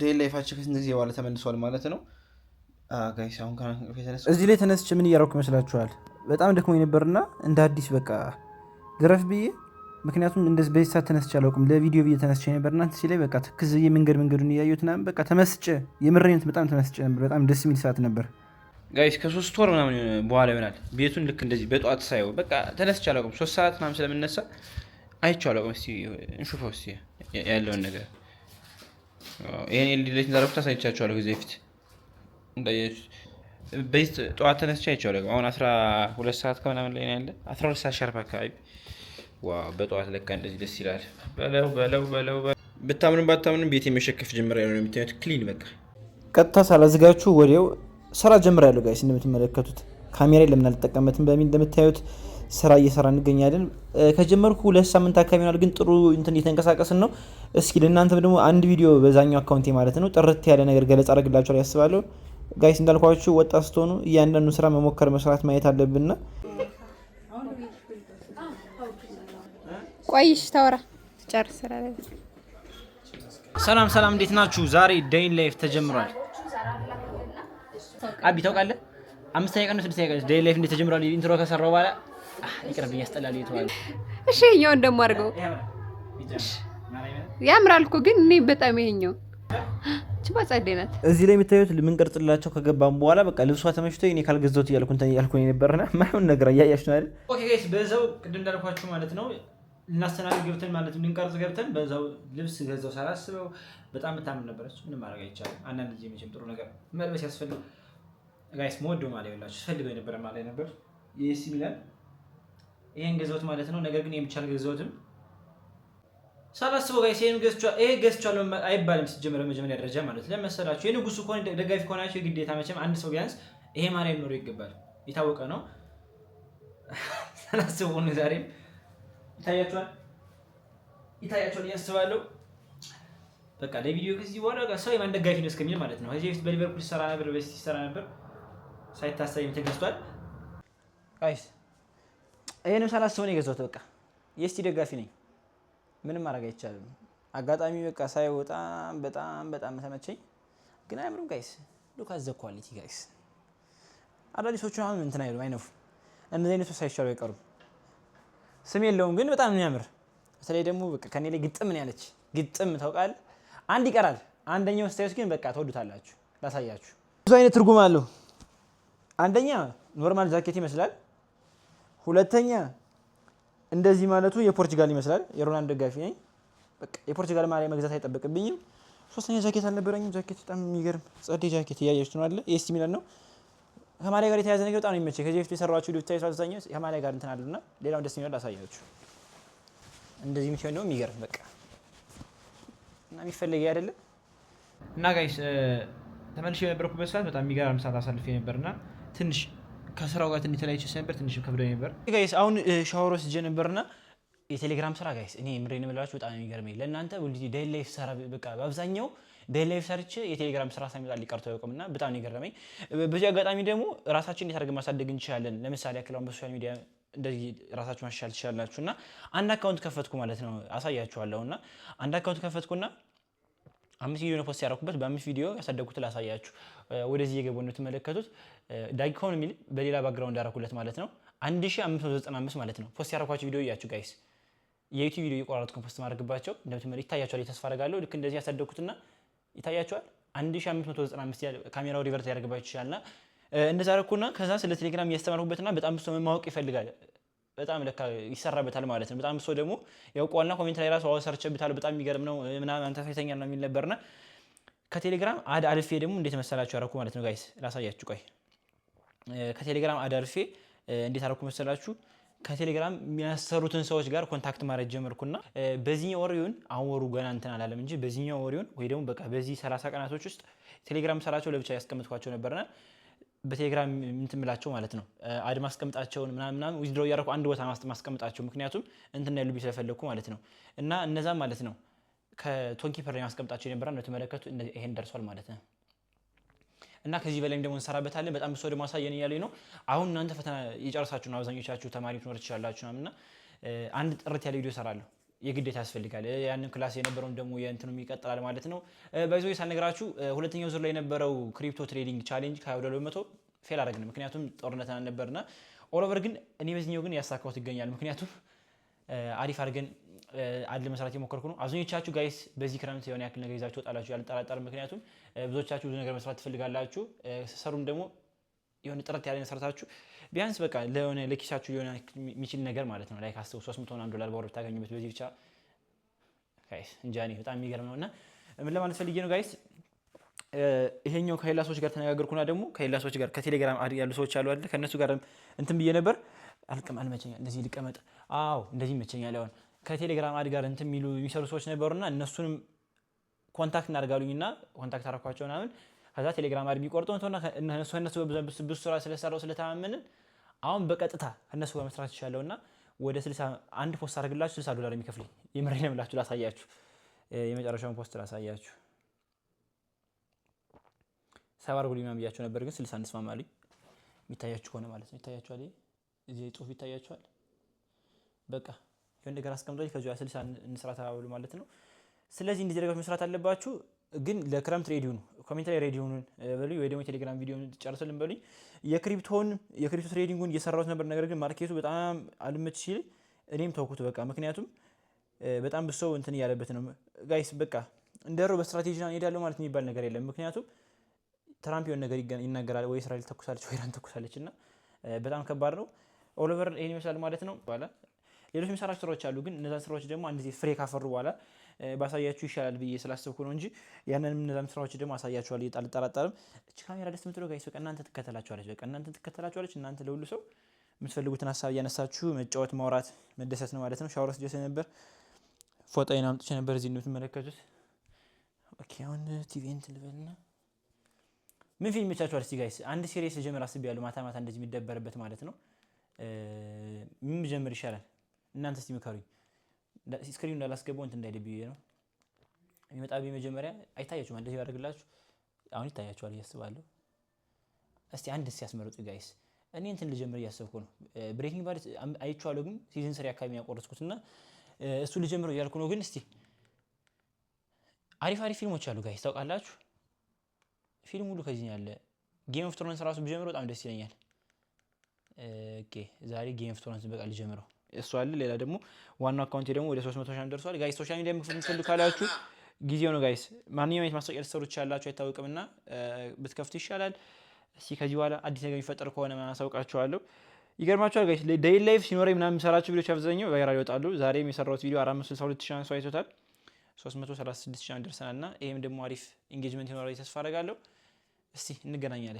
ዴይል ላይፋችን ከስንት ጊዜ በኋላ ተመልሷል ማለት ነው። እዚህ ላይ ተነስቼ ምን እያረኩ ይመስላችኋል? በጣም ደክሞ ነበርና እንደ አዲስ በቃ ግረፍ ብዬ ምክንያቱም እንደዚህ በዚህ ሰዓት ተነስቼ አላውቅም። ለቪዲዮ ብዬ ተነስቼ ነበርና ሲ ላይ በቃ ትክዝ ብዬ መንገድ መንገዱን እያየሁት ምናምን በቃ ተመስጬ የምሬነት በጣም ተመስጬ ነበር። በጣም ደስ የሚል ሰዓት ነበር ጋይስ። ከሶስት ወር ምናምን በኋላ ይሆናል ቤቱን ልክ እንደዚህ በጠዋት ሳይሆን በቃ ተነስቼ አላውቅም። ሶስት ሰዓት ምናምን ስለምነሳ አይቼው አላውቅም። እስኪ እንሹፈው እስኪ ያለውን ነገር ይሄን ዛሬ ብቻ አሳይቻችኋለሁ ጊዜ ፊት እንዳያችሁት ጠዋት ተነስቼ አይቼዋለሁ። አሁን አስራ ሁለት ሰዓት ከምናምን ላይ ያለ አስራ ሁለት ሰዓት ሻርፕ አካባቢ በጠዋት ለካ እንደዚህ ደስ ይላል። በለው በለው በለው ብታምንም ባታምንም ቤት የመሸከፍ ጀምር ያለ ነው የሚታዩት ክሊን በቃ ቀጥታ ሳላዝጋችሁ ወዲያው ስራ ጀምር ያለው ጋይስ እንደምትመለከቱት ካሜራ ለምን አልጠቀመትም በሚል እንደምታዩት ስራ እየሰራ እንገኛለን። ከጀመርኩ ሁለት ሳምንት አካባቢ ይሆናል፣ ግን ጥሩ እንትን እየተንቀሳቀስን ነው። እስኪ ለእናንተም ደግሞ አንድ ቪዲዮ በዛኛው አካውንቴ ማለት ነው ጥርት ያለ ነገር ገለጻ አደርግላችኋለሁ ያስባለሁ። ጋይስ እንዳልኳችሁ ወጣት ስትሆኑ እያንዳንዱ ስራ መሞከር መስራት ማየት አለብንና ቆይሽ ታወራ ትጨርሰራ። ሰላም ሰላም፣ እንዴት ናችሁ? ዛሬ ዴይን ላይፍ ተጀምሯል። አቢ ታውቃለህ፣ አምስተኛ ቀን ስድስተኛ ቀን ዴይን ላይፍ እንዴት ተጀምሯል? ኢንትሮ ከሰራው በኋላ ይቅርብ እያስጠላል ይተዋል። እሺ ይሄኛውን ደግሞ አርገው ያምራል እኮ ግን እኔ በጣም ይሄኛው ችባ ጸደይ ናት። እዚህ ላይ የምታዩት ምንቀርጽላቸው ከገባም በኋላ በቃ ልብሷ ተመችቶ እኔ ካልገዛሁት እያልኩ እንትን እያልኩ የነበረና ማይሆን ነገር እያያች ነው አይደል? ኦኬ ጋይስ፣ በዛው ቅድም እንዳልኳችሁ ማለት ነው ገብተን ማለት ልንቀርጽ ገብተን በዛው ልብስ ገዛው ሳላስበው በጣም ነበረች። ምንም ማድረግ አይቻልም። አንዳንድ ጊዜ መቼም ጥሩ ነገር መልበስ ያስፈልግ ጋይስ። መወደው ማለት ስፈልገው የነበረ ማለት ነበር ይህ ይሄን ገዛሁት ማለት ነው። ነገር ግን ይሄን ብቻ አልገዛሁትም ሳላስበው ጋይስ ይሄን ገዝቻለሁ ይሄ ገዝቻለሁ አይባልም። ሲጀመር መጀመሪያ ደረጃ ማለት ለመሰላችሁ የንጉሱ ከሆነ ደጋፊ ከሆናችሁ የግዴታ መቼም አንድ ሰው ቢያንስ ይሄ ማሪያ ሊኖረው ይገባል። የታወቀ ነው። ሳላስበው ነው። ዛሬም ይታያችኋል ይታያችኋል እያስባለሁ በቃ ለቪዲዮ ከዚህ በኋላ ጋር ሰው የማን ደጋፊ ነው እስከሚል ማለት ነው። ከዚህ በፊት በሊቨርፑል ሲሰራ ነበር፣ በሲቲ ሲሰራ ነበር። ሳይታሰብ ተገዝቷል ጋይስ ይሄንም ሳላስበው ነው የገዛሁት። በቃ የእስቲ ደጋፊ ነኝ፣ ምንም ማድረግ አይቻልም። አጋጣሚ በቃ ሳይ በጣም በጣም በጣም ተመቸኝ። ግን አያምርም ጋይስ፣ ሉክ አት ዘ ኳሊቲ ጋይስ። አዳዲሶቹ አሁን እንትን አይሉ አይነፉ፣ እነዚህ አይነቶች ሳይሻሉ አይቀሩም። ስም የለውም ግን በጣም ነው ያምር። በተለይ ደግሞ በቃ ከኔ ላይ ግጥም ነው ያለች ግጥም ታውቃል። አንድ ይቀራል። አንደኛው ስታዩት ግን በቃ ተወዱታላችሁ። ላሳያችሁ። ብዙ አይነት ትርጉም አለው። አንደኛ ኖርማል ጃኬት ይመስላል ሁለተኛ እንደዚህ ማለቱ የፖርቹጋል ይመስላል። የሮናልዶ ደጋፊ ነኝ። በቃ የፖርቹጋል ማሊያ መግዛት አይጠበቅብኝም። ሶስተኛ ጃኬት አልነበረኝም። ጃኬት በጣም የሚገርም ጸዴ ጃኬት እያየች ነው አለ ኤስቲ ሚላን ነው። ከማሊያ ጋር የተያዘ ነገር በጣም ነው የሚመቸኝ። ከዚህ በፊት የሰራኋቸው ዲብታ የስራተኛ ከማሊያ ጋር እንትን አለና ሌላውን ደስ የሚላል አሳያችሁ። እንደዚህ ሲሆን ነው የሚገርም በቃ እና የሚፈለግ አይደለም እና ጋይስ ተመልሼ የነበርኩበት ሰዓት በጣም የሚገርም ሰዓት አሳልፌ ነበርና ትንሽ ከስራው ጋር ትንሽ ተለያይቼ ነበር። ትንሽ ከብዶ ነበር። ጋይስ አሁን ሻወር ወስጄ ነበርና የቴሌግራም ስራ ጋይስ፣ እኔ ምሬን ብላችሁ በጣም የሚገርመኝ ለእናንተ ዴይ ላይፍ ሰራ። በቃ በአብዛኛው ዴይ ላይፍ ሰርቼ የቴሌግራም ስራ ሳሚጣ ሊቀርቶ ያውቅም እና በጣም የገረመኝ። በዚህ አጋጣሚ ደግሞ ራሳችን እንዴት አድርገን ማሳደግ እንችላለን፣ ለምሳሌ ያክላሁን በሶሻል ሚዲያ እንደዚህ ራሳችሁ ማሻሻል ትችላላችሁ። እና አንድ አካውንት ከፈትኩ ማለት ነው፣ አሳያችኋለሁ። እና አንድ አካውንት ከፈትኩና አምስት ቪዲዮ ነው ፖስት ያደረኩበት። በአምስት ቪዲዮ ያሳደጉት ላሳያችሁ። ወደዚህ የገባው እንደምትመለከቱት ዳጊኮን የሚል በሌላ ባግራውንድ እንዳደረኩለት ማለት ነው 1595 ማለት ነው ፖስት ያደረኳቸው ቪዲዮ እያችሁ ጋይስ። የዩቲዩብ ቪዲዮ የቆራረጥኩን ፖስት ማድረግባቸው እንደምትመለ ይታያቸዋል። የተስፋ አደርጋለሁ ልክ እንደዚህ ያሳደግኩትና ይታያቸዋል። 1595 ካሜራው ሪቨርት ያደርግባቸው ይችላልና እንደዛ አደረኩና ከዛ ስለ ቴሌግራም እያስተማርኩበትና በጣም ብሶ ማወቅ ይፈልጋል በጣም ለካ ይሰራበታል ማለት ነው። በጣም እሱ ደግሞ ያውቀዋልና ኮሜንት ላይ ራሱ ሰርቼበታል በጣም የሚገርም ነው ምናምን አንተ ሳይተኛ ነው የሚል ነበርና ከቴሌግራም አድ አልፌ ደግሞ እንዴት መሰላችሁ አረኩ ማለት ነው። ጋይስ ላሳያችሁ፣ ቆይ ከቴሌግራም አድ አልፌ እንዴት አረኩ መሰላችሁ? ከቴሌግራም የሚያሰሩትን ሰዎች ጋር ኮንታክት ማድረግ ጀመርኩና በዚህኛው ወሬውን አሁን ወሩ ገና እንትን አላለም እንጂ በዚህኛው ወሬውን ወይ ደግሞ በቃ በዚህ 30 ቀናቶች ውስጥ ቴሌግራም ሰራቸው ለብቻ ያስቀምጥኳቸው ነበርና በቴሌግራም የምትምላቸው ማለት ነው አድ ማስቀምጣቸውን ምናምን ዊዝድሮ እያደረኩ አንድ ቦታ ማስቀምጣቸው ምክንያቱም እንትና ያሉ ስለፈለግኩ ማለት ነው። እና እነዛ ማለት ነው ከቶንኪፐር ላይ ማስቀምጣቸው የነበረ እንደተመለከቱ ይሄን ደርሷል ማለት ነው። እና ከዚህ በላይም ደግሞ እንሰራበታለን። በጣም ብሶ ደግሞ አሳየን እያለ ነው። አሁን እናንተ ፈተና የጨረሳችሁ ነው አብዛኞቻችሁ ተማሪ ትኖር ትችላላችሁ። ምና አንድ ጥርት ያለ ቪዲዮ እሰራለሁ የግዴታ ያስፈልጋል። ያንን ክላስ የነበረውን ደግሞ የእንትኑም ይቀጥላል ማለት ነው። በይዞ ሳልነግራችሁ ሁለተኛው ዙር ላይ የነበረው ክሪፕቶ ትሬዲንግ ቻሌንጅ ከወደ በመቶ ፌል አደረግን፣ ምክንያቱም ጦርነት አልነበርና ኦሎቨር ግን እኔ በዚኛው ግን ያሳካሁት ይገኛል። ምክንያቱም አሪፍ አድርገን አድል መስራት የሞከርኩ ነው። አብዛኞቻችሁ ጋይስ በዚህ ክረምት የሆነ ያክል ነገር ይዛችሁ ወጣላችሁ ያልጠራጠር። ምክንያቱም ብዙዎቻችሁ ብዙ ነገር መስራት ትፈልጋላችሁ፣ ሰሩም ደግሞ የሆነ ጥረት ያለ መሰረታችሁ ቢያንስ በቃ ለሆነ ለኪሳችሁ የሆነ የሚችል ነገር ማለት ነው ላይ ካስተው 301 ዶላር በወር ብታገኙበት በዚህ ብቻ ጋይስ እንጃ በጣም የሚገርም ነው። እና ምን ለማለት ፈልጌ ነው ጋይስ ይሄኛው ከሌላ ሰዎች ጋር ተነጋገርኩና ደግሞ ከሌላ ሰዎች ጋር ከቴሌግራም ያሉ ሰዎች አሉ አይደል? ከእነሱ ጋር እንትን ብዬ ነበር። አልቅም አልመቸኛል፣ እንደዚህ ልቀመጥ፣ አዎ እንደዚህ ይመቸኛል። አሁን ከቴሌግራም አድ ጋር እንትን የሚሉ የሚሰሩ ሰዎች ነበሩና እነሱንም ኮንታክት እናደርጋሉኝና ኮንታክት አረኳቸው ምናምን ከዛ ቴሌግራም አድሚ ቆርጦ እነሱ እነሱ ብዙ ስራ ስለሰራው ስለተማመንን አሁን በቀጥታ እነሱ ጋር መስራት ይቻለው እና ወደ አንድ ፖስት አድርግላችሁ ስልሳ ዶላር የሚከፍለኝ የምሬን የምላችሁ ላሳያችሁ። የመጨረሻውን ፖስት ላሳያችሁ። ሰባ አድርጉልኝ ምናምን ብያቸው ነበር፣ ግን ስልሳ እንስማማልኝ የሚታያችሁ ከሆነ ማለት ነው። ይታያችኋል፣ እዚህ ጽሁፍ ይታያችኋል። በቃ የሆነ ነገር አስቀምጧል። ከዚ ስልሳ እንስራ ተባብሎ ማለት ነው። ስለዚህ እንዲህ መስራት አለባችሁ። ግን ለክረምት ሬዲዮ ነው ኮሜንት ላይ ሬዲዮኑን በሉ ወይ ደግሞ ቴሌግራም ቪዲዮ ጨርስልን በሉኝ። የክሪፕቶን የክሪፕቶ ትሬዲንጉን እየሰራሁት ነበር። ነገር ግን ማርኬቱ በጣም አልመች ሲል እኔም ተውኩት በቃ። ምክንያቱም በጣም ብሶ እንትን እያለበት ነው ጋይስ። በቃ እንደሮ በስትራቴጂና እሄዳለሁ ማለት የሚባል ነገር የለም። ምክንያቱም ትራምፕ የሆነ ነገር ይናገራል፣ ወይ እስራኤል ተኩሳለች፣ ወይ ኢራን ተኩሳለች እና በጣም ከባድ ነው። ኦሎቨር ይህን ይመስላል ማለት ነው። ሌሎች የሚሰራቸው ስራዎች አሉ፣ ግን እነዛን ስራዎች ደግሞ አንድ ጊዜ ፍሬ ካፈሩ በኋላ ባሳያችሁ ይሻላል ብዬ ስላስብኩ ነው እንጂ ያንን እነዛም ስራዎች ደግሞ አሳያችኋል አልጠራጠርም። እች ካሜራ ደስ የምትለው ጋይስ በቃ እናንተ ትከተላችኋለች፣ በቃ እናንተ ትከተላችኋለች። እናንተ ለሁሉ ሰው የምትፈልጉትን ሀሳብ እያነሳችሁ መጫወት፣ ማውራት፣ መደሰት ነው ማለት ነው። ሻወር ወስጄ ነበር፣ ፎጣዬን አምጥቼ ነበር። እዚህ ነው የምትመለከቱት። ኦኬ አሁን ቲቪ እንትን ልበልና ምን ፊልም ይመቻችኋል? እስቲ ጋይስ አንድ ሲሪየስ ልጀምር አስቤያለሁ። ማታ ማታ እንደዚህ የሚደበርበት ማለት ነው። ምን ጀምር ይሻላል? እናንተ እስቲ ምከሩኝ። ስክሪኑ እንዳላስገባው እንትን እንዳይል ብዬ ነው የሚመጣ መጀመሪያ አይታያችሁም። እንደዚህ ያደርግላችሁ አሁን ይታያችኋል እያስባለሁ። እስቲ አንድ ስ ጋይስ። እኔ እንትን ልጀምር እያሰብኩ ነው። ብሬኪንግ ባድ አይቼዋለሁ፣ ግን ሲዝን ስሪ አካባቢ ያቆረጥኩት እና እሱ ልጀምረው እያልኩ ነው። ግን እስቲ አሪፍ አሪፍ ፊልሞች አሉ ጋይስ ታውቃላችሁ። ፊልም ሁሉ ከዚህ ያለ ጌም ኦፍ ትሮንስ ራሱ ብጀምረው በጣም ደስ ይለኛል። ኦኬ ዛሬ ጌም ኦፍ ትሮንስ በቃ ልጀምረው። እሱ አለ። ሌላ ደግሞ ዋናው አካውንቴ ደግሞ ወደ 300 ሺህ ደርሷል። ጋይስ ሶሻል ሚዲያ የምትፈልጉ ካላችሁ ጊዜው ነው ጋይስ። ማንኛውም አይነት ማስታወቂያ ልትሰሩ ትችላላችሁ፣ አይታወቅምና እና ብትከፍቱ ይሻላል። እስኪ ከዚህ በኋላ አዲስ ነገር የሚፈጠር ከሆነ ማሳውቃችኋለሁ። ይገርማችኋል ጋይስ ዴይ ላይፍ ሲኖረኝ ምናምን የምሰራቸው ቪዲዮች አብዛኛው ቫይራል ይወጣሉ። ዛሬም የሰራሁት ቪዲዮ 462 ሺህ ሰው አይቶታል፣ 336 ሺህ ደርሰናል እና ይህም ደግሞ አሪፍ ኢንጌጅመንት ይኖራል ተስፋ አደርጋለሁ። እስቲ እንገናኛለን።